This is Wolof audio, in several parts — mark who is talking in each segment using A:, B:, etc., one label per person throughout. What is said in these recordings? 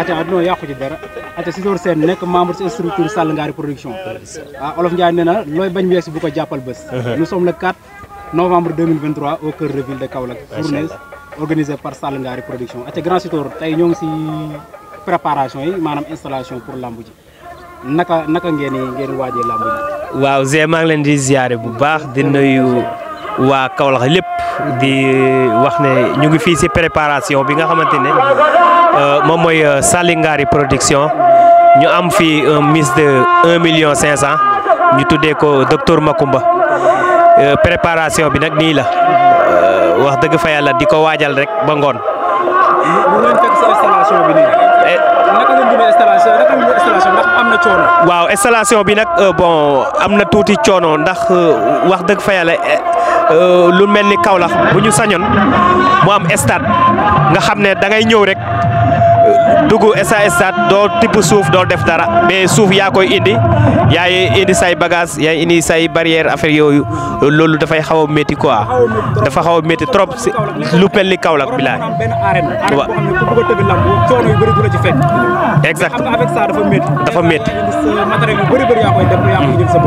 A: ate àdduna yàqu ci dara ate Sitor Sène nekk membre ci structure Sall Ngari production ah Olof Ndiaye nee na looy bañ weesu bu ko jàppal bés uh-huh. nous sommes le 4 novembre 2023 au de ville de Kaolack par Sall Ngari production ate Grand Sitor tey ñoo ngi si préparation yi maanaam installation pour lamb ji naka naka ngeen ngeen waajee lamb ji
B: waaw Zé maa ngi leen di ziare bu baax di nuyu waa Kaolack lépp di wax ne ñu ngi fii si préparation bi nga xamante ne Euh, moom mooy euh, Salingari production ñu am fi un mise de un million cinq cent ñu tuddee ko docteur Macoumba euh, préparation bi nag nii la wax dëgg fa yàlla di ko waajal rek ba ngoon. waaw installation bi nag bon am na tuuti coono ndax wax dëgg fa eh, lu mel ni Kaolack bu ñu sañoon mu am stade nga xam ne da ngay rek. dugg stade stade doo tibb suuf doo def dara mais suuf yaa koy indi yaay indi say bagage yaay indi say barrière affaire yooyu loolu dafay xaw a métti quoi dafa xaw a métti trop si lu mel ni Kaolack dafa métti.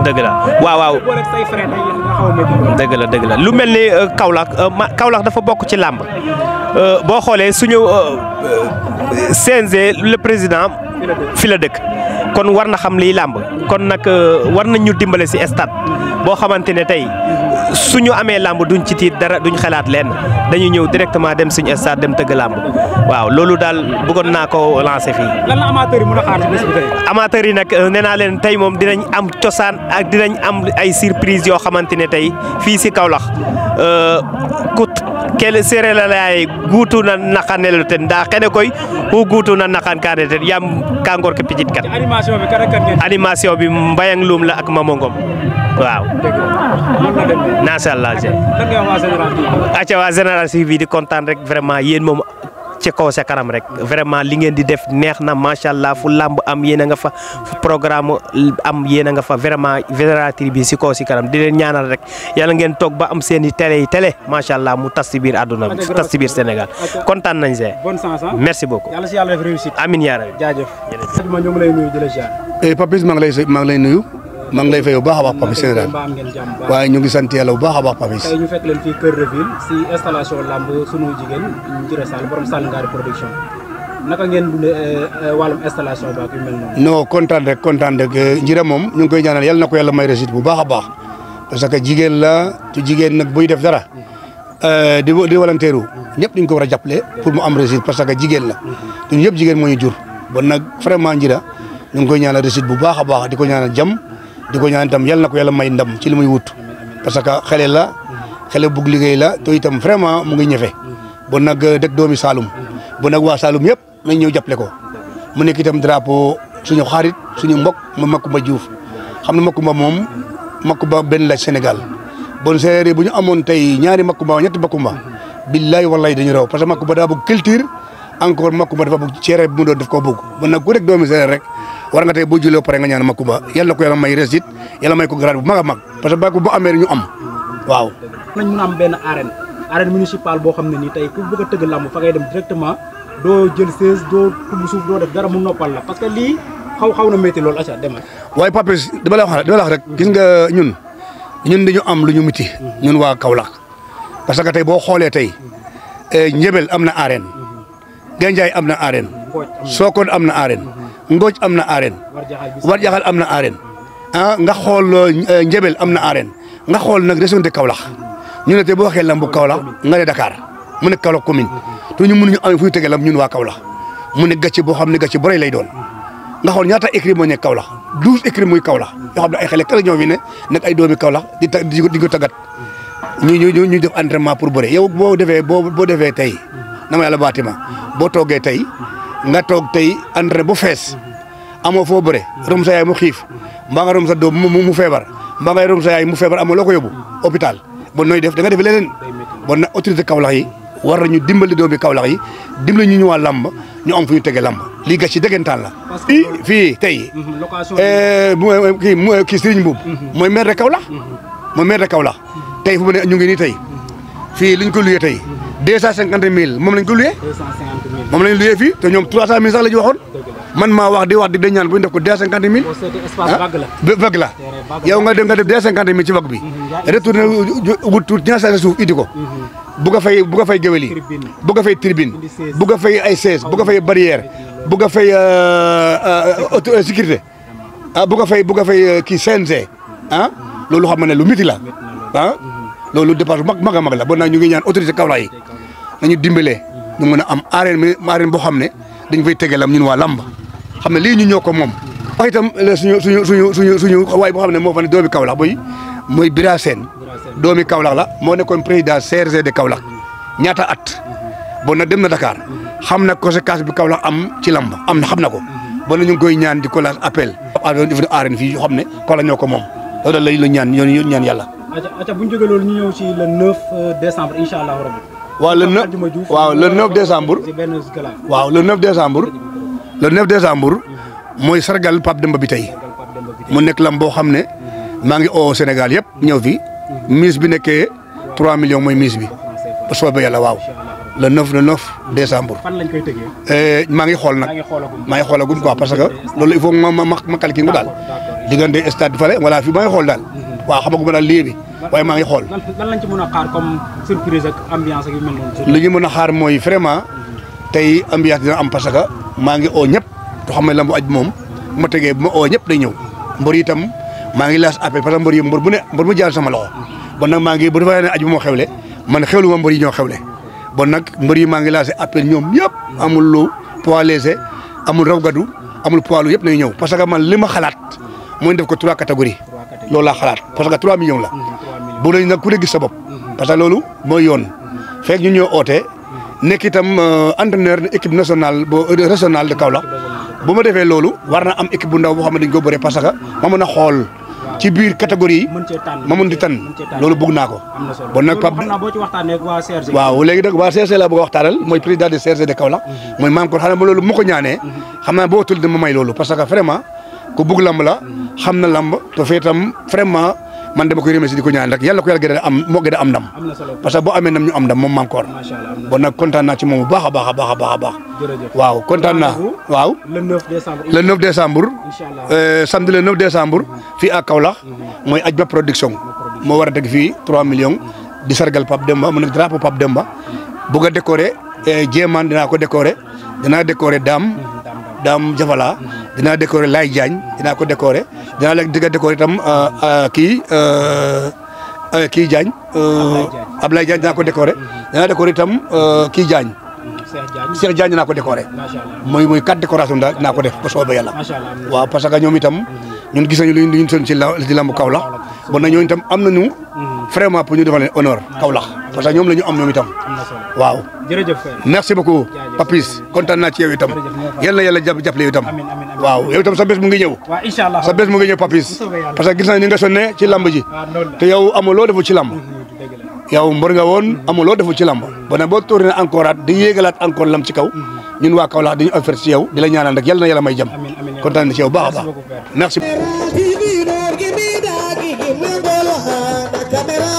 B: dëgg la waaw lu mel ni euh, Kaolack euh, Kaolack dafa bokk ci làmb euh, boo xoolee suñu. CNG le président fi la dëkk kon war na xam liy làmb kon nag euh, war nañ ñu dimbale si stade boo xamante ne tey suñu amee làmb duñ ci tiit dara duñ xalaat leen dañuy ñëw directement dem suñ stade dem tëgg làmb waaw loolu daal bëggoon naa ko lancé fii. lan la amateur yi mën euh, nee naa leen tey moom dinañ am cosaan ak dinañ am ay surprise yoo xamante ne tey fii si Kaolack euh, ku kele serelalaye gutuna nakanelo ten nda kene koy ku gutuna nakan kane ten yam ka ngor ke pijit kat animation bi mbayang lum la ak mamongom waaw macha allah je acca waa général di kontaan rek vraiment yéen moom ci kaw sa kanam rek vraiment li ngeen di def neex na macha allah fu lamb am yéen a nga fa fu programme am yéen a nga fa vraiment Vénératri bi si kaw si karam di leen ñaanal rek yàlla ngeen toog ba am seen i télé yi télé macha allah mu tas si biir àdduna bi tas si biir Sénégal kontaan nañ see. bonne
A: chance merci beaucoup. yàlla si yàlla def réussite. amiin yaa rabbi.
C: ngi lay nuyu. mang lay fay bu baakha baax Papis général waaye ñu ngi sant yalla bu baakha baax Papis tay
A: ñu fekk leen fii Kër Reville ci installation lamb sunu jigéen Njira sal borom Sall Ngari production naka ngeen dundee walum installation baak yu mel non
C: non content rek content rek Njira mom ñu koy ñaanal yalla nako yalla may réussite bu baakha baax parce que jigen la tu jigen nak buy def dara di di volontaire ñep dañ ko wara a pour mu am réussite parce que jigen la ñun ñep jigen moñu jur bon nak vraiment Njira ñu ngi koy ñaanal réussite bu baakha baax diko ñaanal jam di ko ñaan itam yàlla na ko yal may ndam ci li muy wut parce que xale la xele bugg liggéey la te itam vraiment mu ngi ñëfe bon nag euh, dëkk doomi Saloum bon nag waa Saloum yëpp nañ ñëw jàppale ko mu nekk itam drapeau suñu xarit suñu mbokk mu Makumba Diouf xam na Makumba moom Makumba benn la Sénégal bon séeréer bu ñu amoon tey ñaari Makumba ñetti Makumba billaay wallaay dañu raw parce que Makumba daa bëgg culture encore Makumba dafa bëgg cere bi mu doon daf koo bëgg ba nag ku rek doomi séeréer rek war nga tey boo jullee pare nga ñaan Makumba yàlla ko yàlla may réussite yàlla may ko grade bu mag a parce que bako amee am waaw
A: nañ mën a am benn boo xam ne nii tey ku bëgg a tëgg làmb fa ngay dem directement doo jël sees la
C: parce que xaw na métti loolu acca demal waaye Papis dama la rek gis nga ñun ñun dañu am lu ñu miti mhm. ñun waa Kaolack parce que tey boo xoolee tey eh, njëbel am na arène Gandiaye am na arène sookoon am na arène Ngooj am na arène Warjaxal am na arène ah nga xool euh, Njebel am na arène nga xool nag région de Kaolack ñu ne te boo waxee lambu Kaolack nga ne Dakar mu ne Kaolack commune te ñu mënuñu am fu ñu tege lamb ñun waa Kaolack mu ne gàcce boo xam ne gàcce bu rëy lay doon nga xool ñaata écrit moo nekk Kaolack douze écrit muy Kaolack yoo xam ne ay xale kala ñoo fi ne nag ay doomi Kaolack di di di ko tàggat ñu ñu ñu def entraînement pour bëre yow boo defee boo boo defee tey na ma yàlla baati ma boo toogee tey nga toog tey entraîné bu fees amoo foo bëre rom sa yaay mu xiif mbaa nga rom sa doom mu feebar mbaa nga rom yaay mu feebar amoo loo ko yóbbu bon nooy def danga nga def leneen bon nag autorité Kaolack yi war nañu dimbali doomi Kaolack yi dimbali ñu ñu waa làmb ñu am fu ñu tegee làmb lii gàcce dëggantaan la. fii fii tey.
A: Mhm, location
C: eh, kii kii Serigne Mbuub. Mhm. mooy maire de Kaolack. Mhm. mooy maire de Kaolack tey fu mu ne ñu ngi nii tey fii liñ ko luyee tey deux cent cinquante mille moom lañ ko luyee. mom lañ luyee fii te ñoom 300000 sax la waxon man ma wax di wax di dañ ñaan bu ñu def ko 250000. Ah, vague la yow nga def nga def 250000 ci vague bi mhm, retourné wut tuut ñaan sa suuf idi ko mhm. bu nga fay bu nga fay géwél bu nga fay tribune bu nga fay ay siège bu nga fay barrière bu nga fay euh euh, euh sécurité ah bu nga fay bu nga fay euh, ki CNG ah lolu xam nga lu miti la ah lolu départ mag mag mag la bo na ñu ngi ñaan autorité kawla yi nañu dimbalee ñu mën a am arène arène boo xam ne dañ fay tegalam ñun waa làmb xam ne lii ñu ñoo ko moom wax itam suñu suñu suñu suñu suñu waay boo xam ne moo fa ne doomi Kaolack boy mooy Bira Sène doomi Kaolack la moo nekkoon président CRG de Kaolack ñaata at bon na dem na Dakar xam na conséquence bi Kaolack am ci làmb am na xam na ko bon na ñu ngi koy ñaan di ko laaj appel doon def arène fii xam ne Kaolack ñoo ko moom loolu la ñu ñaan ñaan yàlla
A: acca bu ñu jógee loolu ñu ñëw
C: waaw le 9 waaw le 9 décembre. waaw le 9 décembre. le 9 décembre. mooy sargal Pape Demba bi tey. mu nekk lam boo xam ne. maa ngi oo Sénégal yëpp ñëw fi mise bi nekkee 3 millions mooy mise bi. bu soobee yàlla waaw. le 9 le 9 décembre.
A: fan lañ koy tëggee.
C: Eh, maa ngi xool nag maa ngi xoolagum quoi parce que loolu il faut ma ma ma calcule daal diggante stade fale wala fi maa ngi xool daal. waaw xamaguma daal lii waaye maa ngi xool.
A: lan lañ ci a xaar comme surprise ak ambiance ak yu mel noonu. ñu
C: mën a xaar mooy vraiment mhm. tey ambiance dina am parce que maa ngi oo ñëpp te xam ne lambu aj moom bu ma tegee bu ñëpp day ñëw mbër itam maa ngi laas appel parce que mbër yi mbër ne mbër mu jaar sama loxo mhm. bon nag maa ngi bu defee ne aj bu moo xewle man xewlu ma mbër yi ñoo xewle bon nag mbër yi maa ngi laas appel ñoom ñëpp amul lu pois léger amul raw gadu amul poids lu yëpp nay ñëw parce que man li ma xalaat mooy def ko trois catégories lola laa xalaat parce que 3 millions la. Mhm, bu dee nag ku nekk sa bopp. Mhm. parce que loolu mooy yone mhm. fek ñu ñoo oté nek itam euh, entraîneur équipe nationale bo euh, régional de Kaolack bu ma defee loolu am équipe bu ndaw bo xam ne dañ ko bëree parce que ma mëna xol ci biir catégorie yi ma mën di tan loolu bëgg naa ko ak wa
A: Pape waaw légui
C: nak wa CRG la bëgg a moy président de CRG de Kaolack moy maam ko xanaa ma mu ko ñaané xamna bo boo tul dama may loolu parce que vraiment ku bëgg lamb la xam na lamb te fii itam vraiment man dama koy remercier di ñaan rek yàlla ko yàlla gën am moo gën a am ndam. parce que boo amee ndam ñu am ndam moom maam koor. macha allah bon ci moom bu baax a baax a baax a baax a baax. waaw kontaan naa. waaw
A: le 9 décembre. le 9 décembre.
C: Euh, samedi le 9 décembre. Mm-hmm. fii à Kaolack. Mm-hmm. mooy Ajba production. moo war a teg fii 3 millions. Mm-hmm. di sargal Pape Demba mu nekk drapeau Pape Demba. bu nga décorer euh, jéemaan dinaa ko décorer. dinaa décorer Dame. daam Jafala. dinaa décorer Laye jaañ dana ko décorer dinaa leen digga décorer itam euh, euh, kii euh, kii Diagne. Ablaye Diagne dinaa ko décorer. dinaa décorer itam kii Diagne. Cheikh Diagne dinaa ko décorer. mooy mooy quatre décoration daal dinaa ko def ba soobee yàlla. waaw parce que ñoom itam ñun gis nañu luñ luñ sonn ci lamb Kaolack bon nañu itam amna ñu vraiment pour ñu defal leen honneur kaolax parce que ñom lañu am ñom itam waaw merci beaucoup papis contane na ci yow itam yalla yalla japp japp yow itam waaw yow itam sa bes mu ngi ñew wa inshallah sa bes mu ngi ñew papis parce que gis na ni nga sonné ci lamb ji te yow amu lo defu ci lamb mm-hmm, yow mbor nga won mm-hmm. amu lo defu ci lamb mm-hmm. bon bo tourner encore at di yégalat encore lam ci kaw ñun wa waa kaolax dañu offert ci yow di la ñaanal rek yalla yalla may jàmm contane ci yow baax baax merci